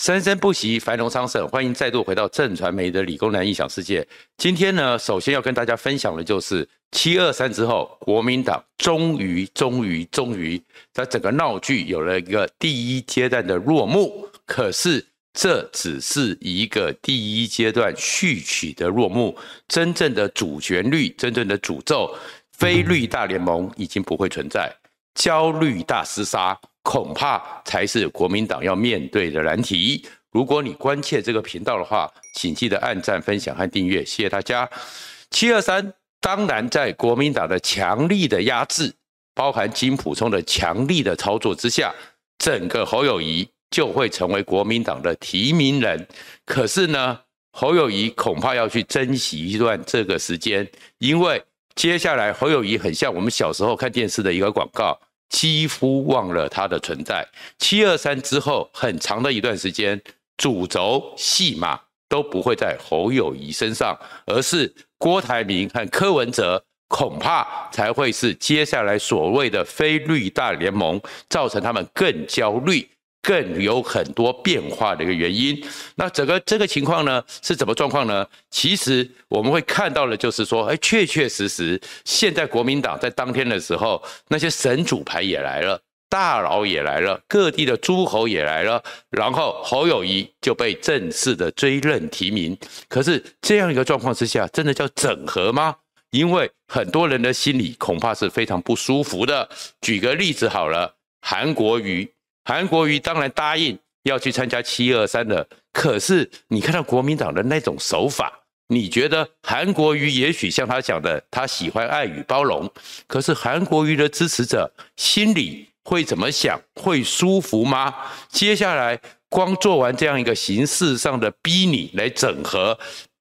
生生不息，繁榮昌盛。歡迎再度回到震傳媒的理工男異想世界。今天呢，首先要跟大家分享的就是七二三之後，國民黨終於、終於、終於，在整個鬧劇有了一個第一階段的落幕。可是，這只是一個第一階段序曲的落幕，真正的主旋律、真正的詛咒，非綠大聯盟已經不會存在，焦慮大廝殺。恐怕才是國民黨要面對的難題。如果你關切這個頻道的話，請記得按讚、分享和訂閱，謝謝大家。七二三當然在國民黨的強力的壓制，包含金溥聰的強力的操作之下，整個侯友宜就會成為國民黨的提名人。可是呢，侯友宜恐怕要去珍惜一段這個時間，因為接下來侯友宜很像我們小時候看電視的一個廣告。幾乎忘了它的存在。七二三之後很長的一段時間，主軸戲碼都不會在侯友宜身上，而是郭台銘和柯文哲，恐怕才會是接下來所謂的非綠大聯盟，造成他們更焦慮。更有很多變化的一個原因。那整個這個情況呢，是怎麼狀況呢？其實我們會看到的，就是說，哎、欸，確確實實，現在國民黨在當天的時候，那些神主牌也來了，大佬也來了，各地的諸侯也來了，然後侯友宜就被正式的追認提名。可是這樣一個狀況之下，真的叫整合嗎？因為很多人的心理恐怕是非常不舒服的。舉個例子好了，韓國瑜。韓國瑜當然答應要去參加七二三了，可是你看到國民黨的那種手法，你覺得韓國瑜也許像他講的，他喜歡愛與包容，可是韓國瑜的支持者心裡會怎麼想？會舒服嗎？接下來光做完這樣一個形式上的逼你來整合。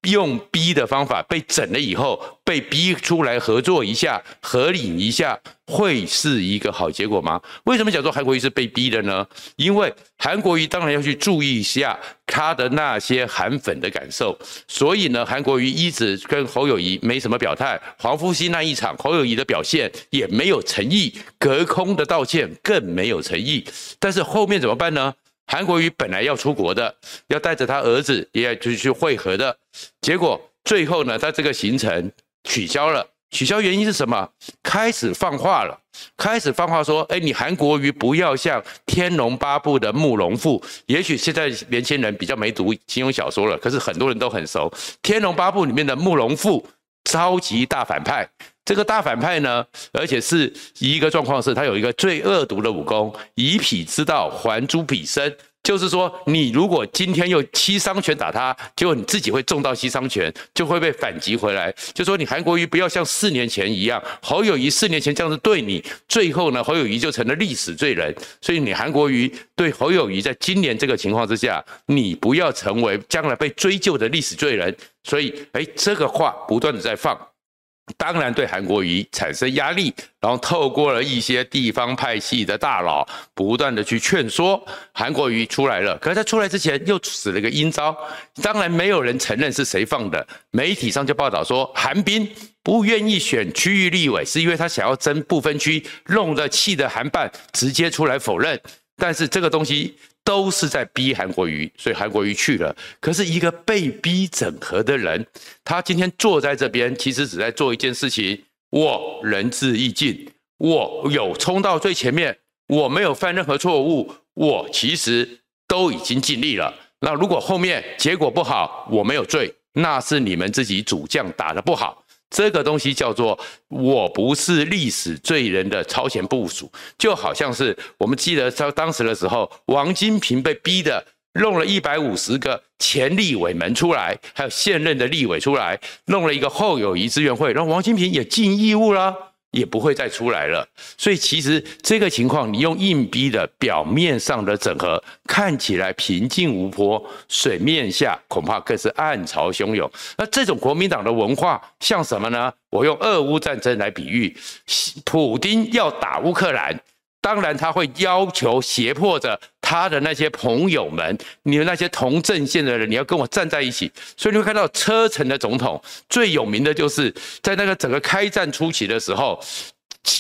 用逼的方法被整了以後，被逼出來合作一下、合影一下，會是一個好結果嗎？為什麼講說韓國瑜是被逼的呢？因為韓國瑜當然要去注意一下他的那些韓粉的感受，所以呢，韓國瑜一直跟侯友宜沒什麼表態。黃復興那一場，侯友宜的表現也沒有誠意，隔空的道歉更沒有誠意。但是後面怎麼辦呢？韓國瑜本來要出國的，要帶着他兒子，也要去去會合的，結果最後呢，他這個行程取消了。取消原因是什麼？開始放話了，開始放話說：“哎，你韓國瑜不要像《天龍八部》的慕容復。”也許現在年輕人比較沒讀金庸小說了，可是很多人都很熟，《天龍八部》裡面的慕容復超級大反派。這個大反派呢，而且是一個狀況是，他有一個最惡毒的武功，以彼之道還諸彼身，就是說，你如果今天用七傷拳打他，結果你自己會中到七傷拳，就會被反擊回來。就說你韓國瑜不要像四年前一樣，侯友宜四年前這樣子對你，最後呢，侯友宜就成了歷史罪人。所以你韓國瑜對侯友宜，在今年這個情況之下，你不要成為將來被追究的歷史罪人。所以，哎，這個話不斷地在放。當然對韓國瑜產生壓力，然後透過了一些地方派系的大佬，不斷的去勸說韓國瑜出來了。可是他出來之前又使了一個陰招，當然沒有人承認是誰放的，媒體上就報道說韓冰不願意選區域立委，是因為他想要爭不分區，弄得氣的韓辦直接出來否認。但是這個東西。都是在逼韓國瑜，所以韓國瑜去了。可是，一個被逼整合的人，他今天坐在這邊，其實只在做一件事情：我仁至義盡，我有衝到最前面，我沒有犯任何錯誤，我其實都已經盡力了。那如果後面結果不好，我沒有罪，那是你們自己主將打得不好。這個東西叫做“我不是歷史罪人”的超前部署，就好像是我們記得在當時的時候，王金平被逼的弄了一百五十個前立委們出來，還有現任的立委出來，弄了一個侯友宜志願會，讓王金平也盡義務了。也不會再出來了，所以其實這個情況，你用硬逼的表面上的整合，看起來平靜無波，水面下恐怕更是暗潮洶湧。那這種國民黨的文化像什麼呢？我用俄烏戰爭來比喻，普丁要打烏克蘭。當然，他會要求脅迫着他的那些朋友們，你們那些同陣線的人，你要跟我站在一起。所以你會看到車臣的總統最有名的就是在那個整個開戰初期的時候。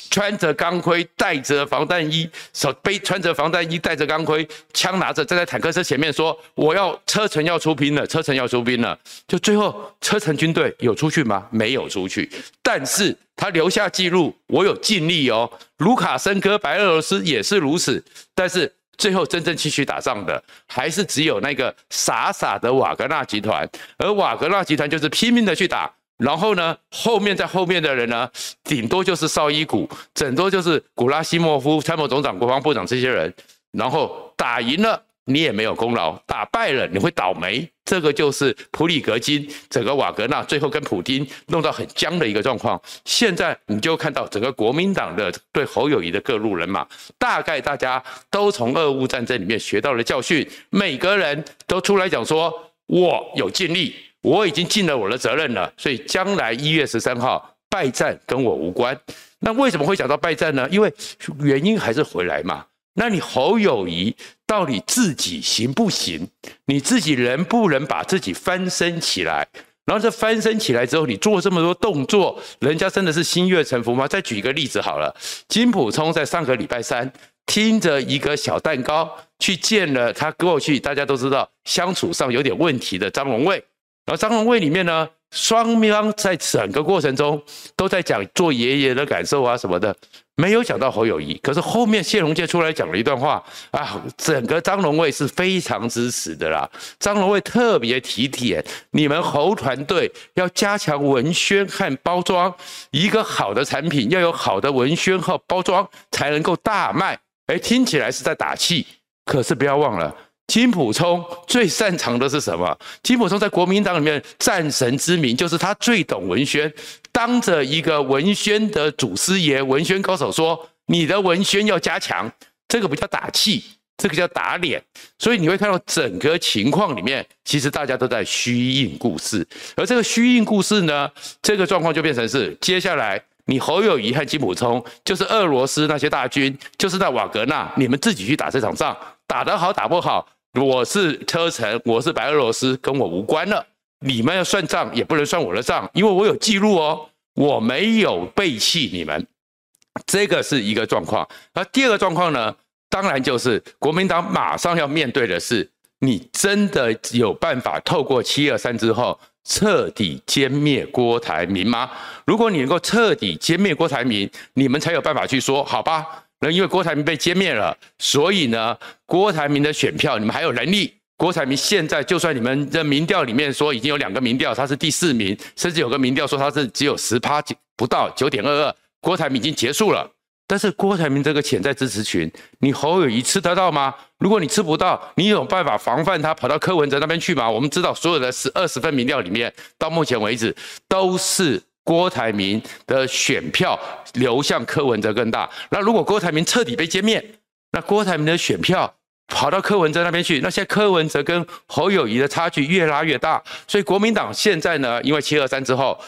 穿着鋼盔，戴着防彈衣，手背穿着防彈衣，戴着鋼盔，槍拿着，站在坦克車前面說：“我要車臣要出兵了，車臣要出兵了。”就最後車臣軍隊有出去嗎？沒有出去，但是他留下記錄，我有盡力哦。盧卡申科白俄羅斯也是如此，但是最後真正繼續打仗的還是只有那個傻傻的瓦格納集團，而瓦格納集團就是拼命的去打。然後呢，後面在後面的人呢，頂多就是紹伊古，整多就是古拉西莫夫、參謀總長、國防部長這些人。然後打贏了你也沒有功勞，打敗了你會倒霉。這個就是普里格金，整個瓦格納最後跟普丁弄到很僵的一個狀況。現在你就看到整個國民黨的對侯友宜的各路人馬，大概大家都從俄烏戰爭裡面學到了教訓，每個人都出來講說，我有盡力。我已經盡了我的責任了，所以將來一月十三號敗戰跟我無關。那為什麼會講到敗戰呢？因為原因還是回來嘛。那你侯友宜到底自己行不行？你自己能不能把自己翻身起來？然後這翻身起來之後，你做這麼多動作，人家真的是心悅誠服嗎？再舉一個例子好了，金溥聰在上個禮拜三，聽着一個小蛋糕去見了他過去大家都知道相處上有點問題的張榮味。而張榮味裡面呢，雙方在整個過程中都在講做爺爺的感受啊什麼的，沒有講到侯友宜。可是後面謝宏健出來講了一段話啊，整個張榮味是非常支持的啦。張榮味特別體貼你們侯團隊，要加強文宣和包裝，一個好的產品要有好的文宣和包裝才能夠大賣。哎，聽起來是在打氣，可是不要忘了。金溥聰最擅長的是什麼？金溥聰在國民黨裡面戰神之名，就是他最懂文宣。當着一個文宣的祖師爺、文宣高手說：“你的文宣要加強。”這個不叫打氣，這個叫打臉。所以你會看到整個情況裡面，其實大家都在虛應故事。而這個虛應故事呢，這個狀況就變成是：接下來你侯友宜和金溥聰就是俄羅斯那些大軍，就是在瓦格納，你們自己去打這場仗，打得好，打不好。我是車臣，我是白俄羅斯，跟我無關了。你們要算賬，也不能算我的賬，因為我有記錄哦。我沒有背棄你們，這個是一個狀況。而第二個狀況呢，當然就是國民黨馬上要面對的是，你真的有辦法透過七二三之後徹底殲滅郭台銘嗎？如果你能夠徹底殲滅郭台銘，你們才有辦法去說，好吧。那因為郭台銘被殲滅了，所以呢，郭台銘的選票你們還有能力？郭台銘現在就算你們的民調裡面說已經有兩個民調他是第四名，甚至有個民調說他是只有十趴九不到九點二二，郭台銘已經結束了。但是郭台銘這個潛在支持群，你侯友宜吃得到嗎？如果你吃不到，你有辦法防範他跑到柯文哲那邊去嗎？我們知道所有的十二十份民調裡面，到目前為止都是。郭台銘的選票流向柯文哲更大，那如果郭台銘徹底被殲滅，那郭台銘的選票跑到柯文哲那邊去，那現在柯文哲跟侯友宜的差距越拉越大。所以國民黨現在呢，因為七二三之後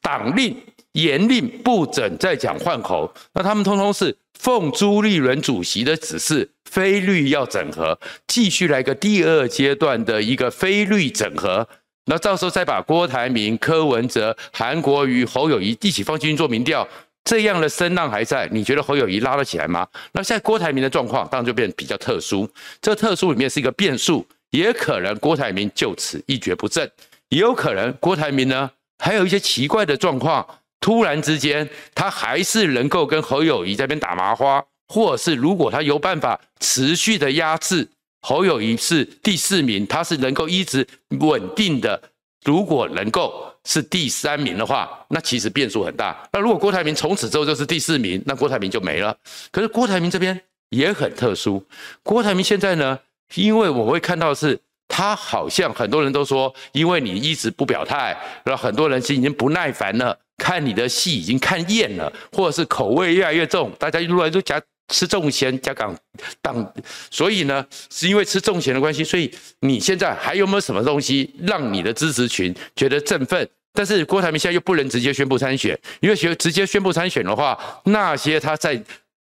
黨令嚴令不准再講換侯。那他們通通是奉朱立倫主席的指示，非綠要整合，繼續來個第二階段的一個非綠整合。那到時候再把郭台銘、柯文哲、韓國瑜、侯友宜一起放進去做民調，這樣的聲浪還在，你覺得侯友宜拉得起來嗎？那現在郭台銘的狀況當然就變得比較特殊，這特殊裡面是一個變數，也可能郭台銘就此一蹶不振，也有可能郭台銘呢還有一些奇怪的狀況，突然之間他還是能夠跟侯友宜這邊打麻花，或者是如果他有辦法持續的壓制。侯友宜是第四名，他是能夠一直穩定的。如果能夠是第三名的話，那其實變數很大。那如果郭台銘從此之後就是第四名，那郭台銘就沒了。可是郭台銘這邊也很特殊。郭台銘現在呢，因為我會看到的是他好像很多人都說，因為你一直不表態，然後很多人已經不耐煩了，看你的戲已經看厭了，或者是口味越來越重，大家一路來都多講。吃重鹹加港黨，所以呢，是因為吃重鹹的關係，所以你現在還有沒有什麼東西讓你的支持群覺得振奮？但是郭台銘現在又不能直接宣布參選，因為宣，直接宣布參選的話，那些他在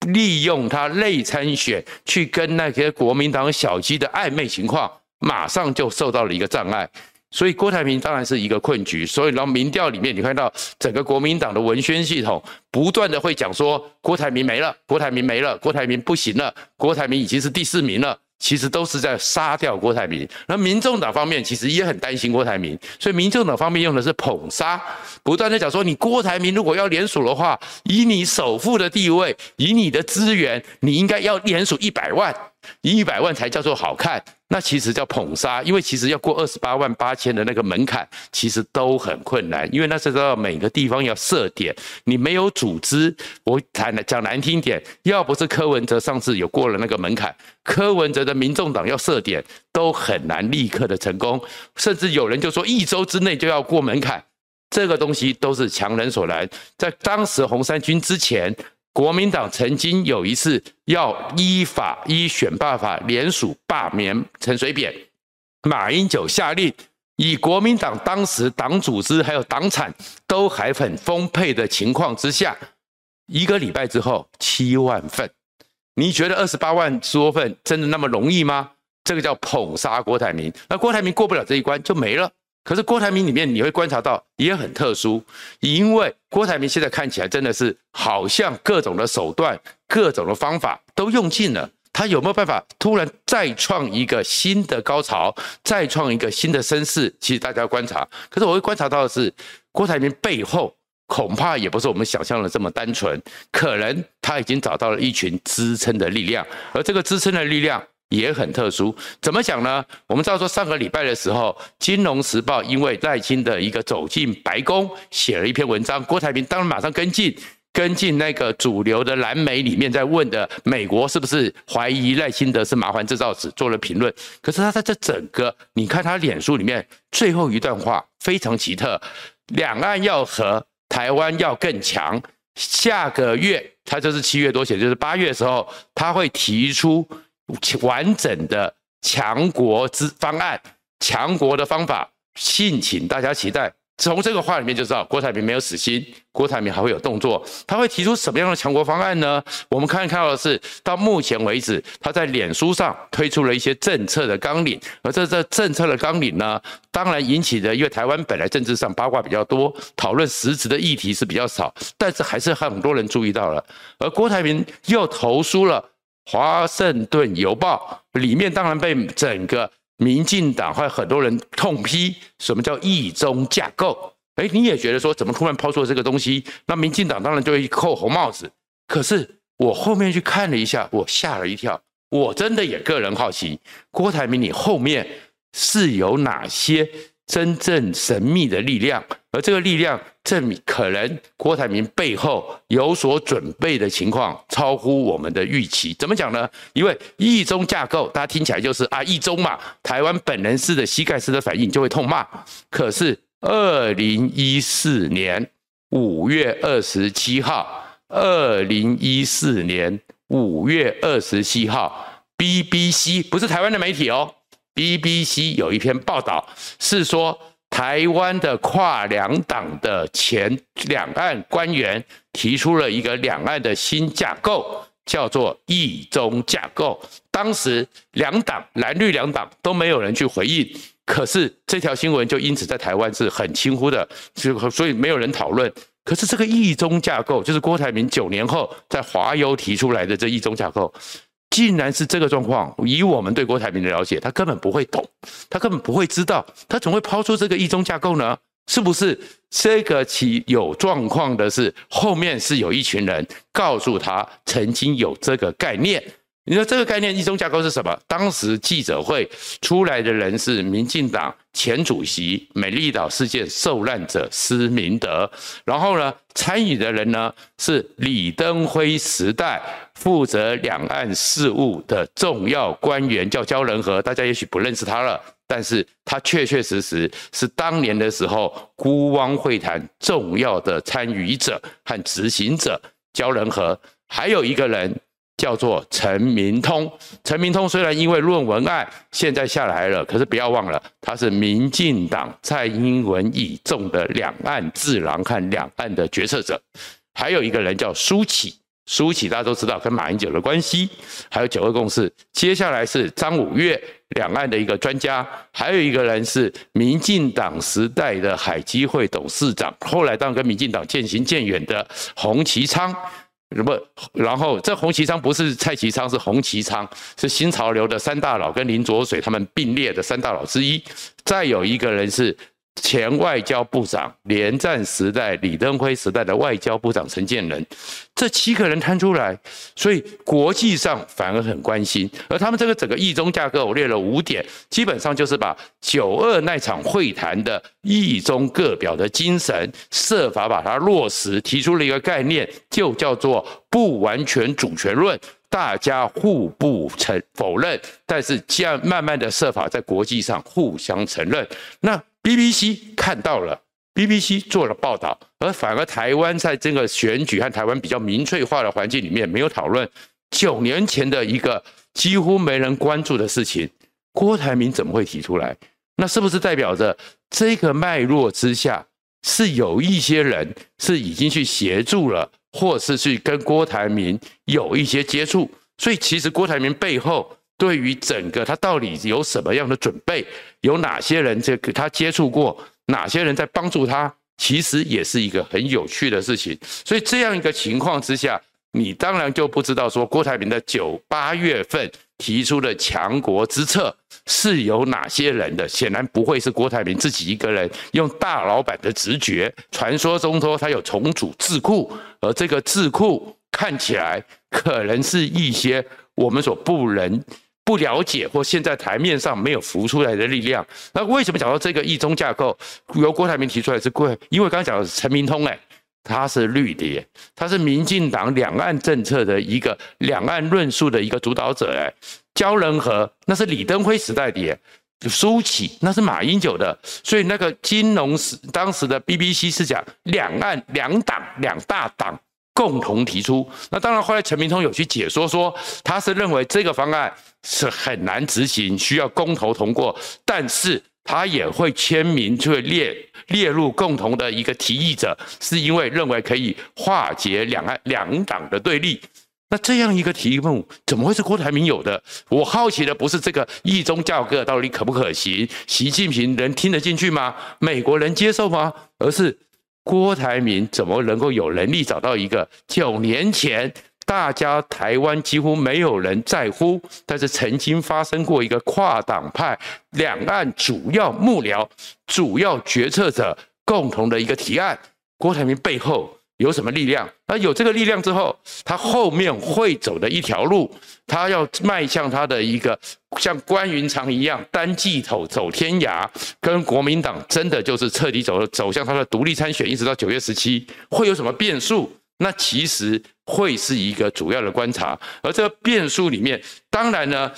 利用他內參選去跟那些國民黨小雞的曖昧情況，馬上就受到了一個障礙。所以郭台銘當然是一個困局，所以呢，民調裡面你看到整個國民黨的文宣系統不斷的會講說郭台銘沒了，郭台銘沒了，郭台銘不行了，郭台銘已經是第四名了，其實都是在殺掉郭台銘。那民眾黨方面其實也很擔心郭台銘，所以民眾黨方面用的是捧殺，不斷的講說你郭台銘如果要連署的話，以你首富的地位，以你的資源，你應該要連署一百萬。一百萬才叫做好看，那其實叫捧殺，因為其實要過二十八萬八千的那個門檻，其實都很困難，因為那時候，每個地方要設點，你沒有組織，我講難講難聽點，要不是柯文哲上次有過了那個門檻，柯文哲的民眾黨要設點都很難立刻的成功，甚至有人就說一周之內就要過門檻，這個東西都是強人所難，在當時紅衫軍之前。國民黨曾經有一次要依法依《選罷法》連署罷免陳水扁，馬英九下令，以國民黨當時黨組織還有黨產都還很豐沛的情況之下，一個禮拜之後七萬份，你覺得二十八萬多份真的那麼容易嗎？這個叫捧殺郭台銘，那郭台銘過不了這一關就沒了。可是郭台銘裡面你會觀察到也很特殊，因為郭台銘現在看起來真的是好像各種的手段、各種的方法都用盡了，他有沒有辦法突然再創一個新的高潮，再創一個新的聲勢？其實大家要觀察，可是我會觀察到的是，郭台銘背後恐怕也不是我們想象的這麼單純，可能他已經找到了一群支撐的力量，而這個支撐的力量。也很特殊，怎麼講呢？我們知道說上個禮拜的時候，《金融時報》因為賴清德一個走進白宮，寫了一篇文章，郭台銘當然馬上跟進，跟進那個主流的藍媒裡面在問的美國是不是懷疑賴清德是麻煩製造者，做了評論。可是他在這整個，你看他臉書裡面最後一段話非常奇特：兩岸要和，台灣要更強。下個月，他就是七月多寫，就是八月的時候，他會提出。完整的強國之方案，強國的方法，敬請大家期待。從這個話裡面就知道，郭台銘沒有死心，郭台銘還會有動作。他會提出什麼樣的強國方案呢？我們看一看到的是，到目前為止，他在臉書上推出了一些政策的綱領，而這這政策的綱領呢，當然引起的，因為台灣本來政治上八卦比較多，討論實質的議題是比較少，但是還是很多人注意到了。而郭台銘又投書了。《華盛頓郵報》裡面當然被整個民進黨還有很多人痛批，什麼叫“一中架構”？哎，你也覺得說怎麼突然拋出了這個東西？那民進黨當然就會扣紅帽子。可是我後面去看了一下，我嚇了一跳。我真的也個人好奇，郭台銘你後面是有哪些真正神秘的力量？而這個力量證明可能郭台銘背後有所準備的情況，超乎我們的預期。怎麼講呢？因為一中架構，大家聽起來就是啊，一中嘛，台灣本能式的、膝蓋式的反應就會痛罵。可是，二零一四年五月二十七號，二零一四年五月二十七號，BBC 不是台灣的媒體哦，BBC 有一篇報道是說。台灣的跨兩黨的前兩岸官員提出了一個兩岸的新架構，叫做“一中架構”。當時兩黨藍綠兩黨都沒有人去回應，可是這條新聞就因此在台灣是很輕忽的，就所以沒有人討論。可是這個“一中架構”就是郭台銘九年後在華優提出來的這一中架構。既然是這個狀況，以我們對郭台銘的了解，他根本不會懂，他根本不會知道，他怎麼會拋出這個一中架構呢？是不是這個其有狀況的是後面是有一群人告訴他曾經有這個概念？你說這個概念一中架構是什麼？當時記者會出來的人是民進黨前主席、美麗島事件受難者施明德，然後呢，參與的人呢是李登輝時代負責兩岸事務的重要官員，叫焦仁和。大家也許不認識他了，但是他確確實實是，是當年的時候辜汪會談重要的參與者和執行者焦仁和，還有一個人。叫做陳明通，陳明通雖然因為論文案現在下來了，可是不要忘了，他是民進黨蔡英文倚重的兩岸智囊和兩岸的決策者。還有一個人叫蘇起，蘇起大家都知道跟馬英九的關係，還有九二共識。接下來是張五岳，兩岸的一個專家。還有一個人是民進黨時代的海基會董事長，後來當然跟民進黨漸行漸遠的洪奇昌。不，然後這洪奇昌不是蔡其昌，是洪奇昌，是新潮流的三大佬跟林濁水他們並列的三大佬之一。再有一個人是，前外交部長、連戰時代、李登輝時代的外交部長程建人。這七個人攤出來，所以國際上反而很關心。而他們這個整個一中架構，我列了五點，基本上就是把九二那場會談的一中各表的精神，設法把它落實，提出了一個概念，就叫做“不完全主權論”。大家互不承否認，但是這樣慢慢的設法在國際上互相承認。那 BBC 看到了，BBC 做了報道，而反而台灣在這個選舉和台灣比較民粹化的環境裡面，沒有討論九年前的一個幾乎沒人關注的事情。郭台銘怎麼會提出來？那是不是代表着這個脈絡之下，是有一些人是已經去協助了，或是去跟郭台銘有一些接觸？所以其實郭台銘背後。對於整個他到底有什麼樣的準備，有哪些人這個他接觸過，哪些人在幫助他，其實也是一個很有趣的事情。所以這樣一個情況之下，你當然就不知道說郭台銘的九八月份提出的強國之策是由哪些人的，顯然不會是郭台銘自己一個人用大老闆的直覺。傳說中說他有重組智庫，而這個智庫看起來可能是一些我們所不能。不了解或現在台面上沒有浮出來的力量，那為什麼講到這個一中架構由郭台銘提出來是詭？因為剛剛講的是陳明通哎、欸，他是綠的、欸，他是民進黨兩岸政策的一個兩岸論述的一個主導者誒、欸、焦仁和那是李登輝時代的、欸，蘇起那是馬英九的，所以那個金融時當時的 BBC 是講兩岸兩黨兩大黨。共同提出。那當然，後來陳明通有去解說，說，說他是認為這個方案是很難執行，需要公投通過，但是他也會簽名，就會列列入共同的一個提議者，是因為認為可以化解兩岸兩黨的對立。那這樣一個題目，怎麼會是郭台銘有的？我好奇的不是這個一中架構到底可不可行，習近平能聽得進去嗎？美國能接受嗎？而是。郭台銘怎麼能夠有能力找到一個九年前大家台灣幾乎沒有人在乎，但是曾經發生過一個跨黨派兩岸主要幕僚、主要決策者共同的一個提案？郭台銘背後。有什麼力量？那有這個力量之後，他後面會走的一條路，他要邁向他的一個像關雲長一樣單騎走走天涯，跟國民黨真的就是徹底走了走向他的獨立參選，一直到九月十七會有什麼變數？那其實會是一個主要的觀察。而這個變數裡面，當然呢，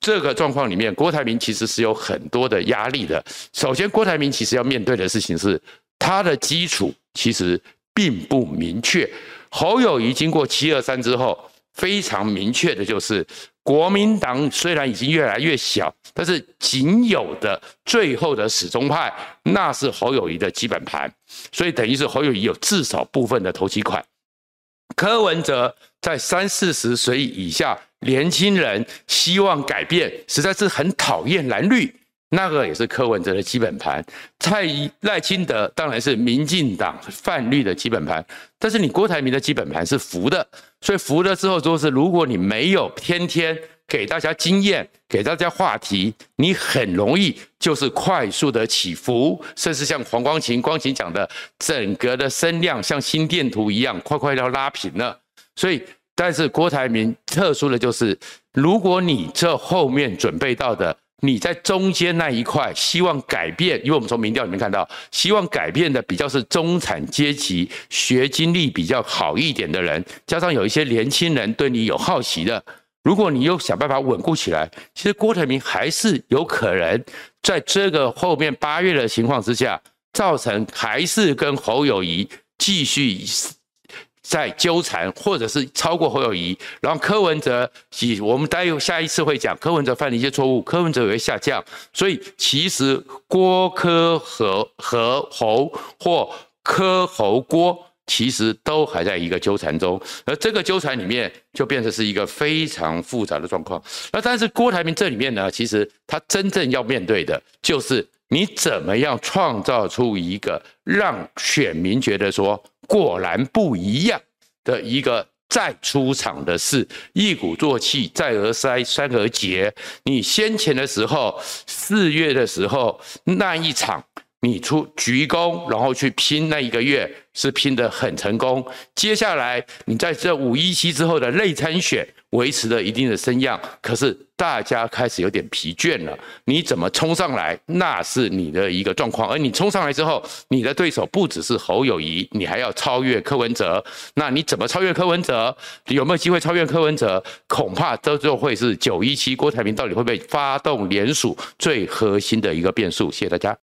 這個狀況裡面，郭台銘其實是有很多的壓力的。首先，郭台銘其實要面對的事情是他的基礎其實，並不明確。侯友宜經過七二三之後，非常明確的就是，國民黨雖然已經越來越小，但是僅有的最後的死忠派，那是侯友宜的基本盤，所以等於是侯友宜有至少部分的頭期款。柯文哲在三四十歲以下年輕人希望改變，實在是很討厭藍綠。那個也是柯文哲的基本盤，蔡賴清德當然是民進黨泛綠的基本盤，但是你郭台銘的基本盤是浮的，所以浮了之後，就是，說是如果你沒有天天給大家經驗，給大家話題，你很容易就是快速的起伏，甚至像黃光芹光芹講的，整個的聲量像心電圖一樣快快要拉平了。所以，但是郭台銘特殊的就是，如果你這後面準備到的。你在中間那一塊希望改變，因為我們從民調裡面看到，希望改變的比較是中產階級學經歷比較好一點的人，加上有一些年輕人對你有好奇的。如果你又想辦法穩固起來，其實郭台銘還是有可能在這個後面八月的情況之下，造成還是跟侯友宜繼續。在糾纏，或者是超過侯友宜，然後柯文哲，以我們待會下一次會講，柯文哲犯了一些錯誤，柯文哲也會下降，所以其實郭柯和和侯或柯侯郭，其實都還在一個糾纏中，而這個糾纏裡面就變成是一個非常複雜的狀況。那但是郭台銘這裡面呢，其實他真正要面對的就是你怎麼樣創造出一個讓選民覺得說。果然不一樣的一個再出場的是，一鼓作氣，再而衰，三而竭。你先前的時候，四月的時候那一場，你出鞠躬，然後去拼那一個月是拼得很成功。接下來你在這五一期之後的內參選。維持了一定的聲量，可是大家開始有點疲倦了。你怎麼衝上來，那是你的一個狀況。而你衝上來之後，你的對手不只是侯友宜，你還要超越柯文哲。那你怎麼超越柯文哲？有沒有機會超越柯文哲？恐怕這就會是917郭台銘到底會不會發動連署最核心的一個變數。謝謝大家。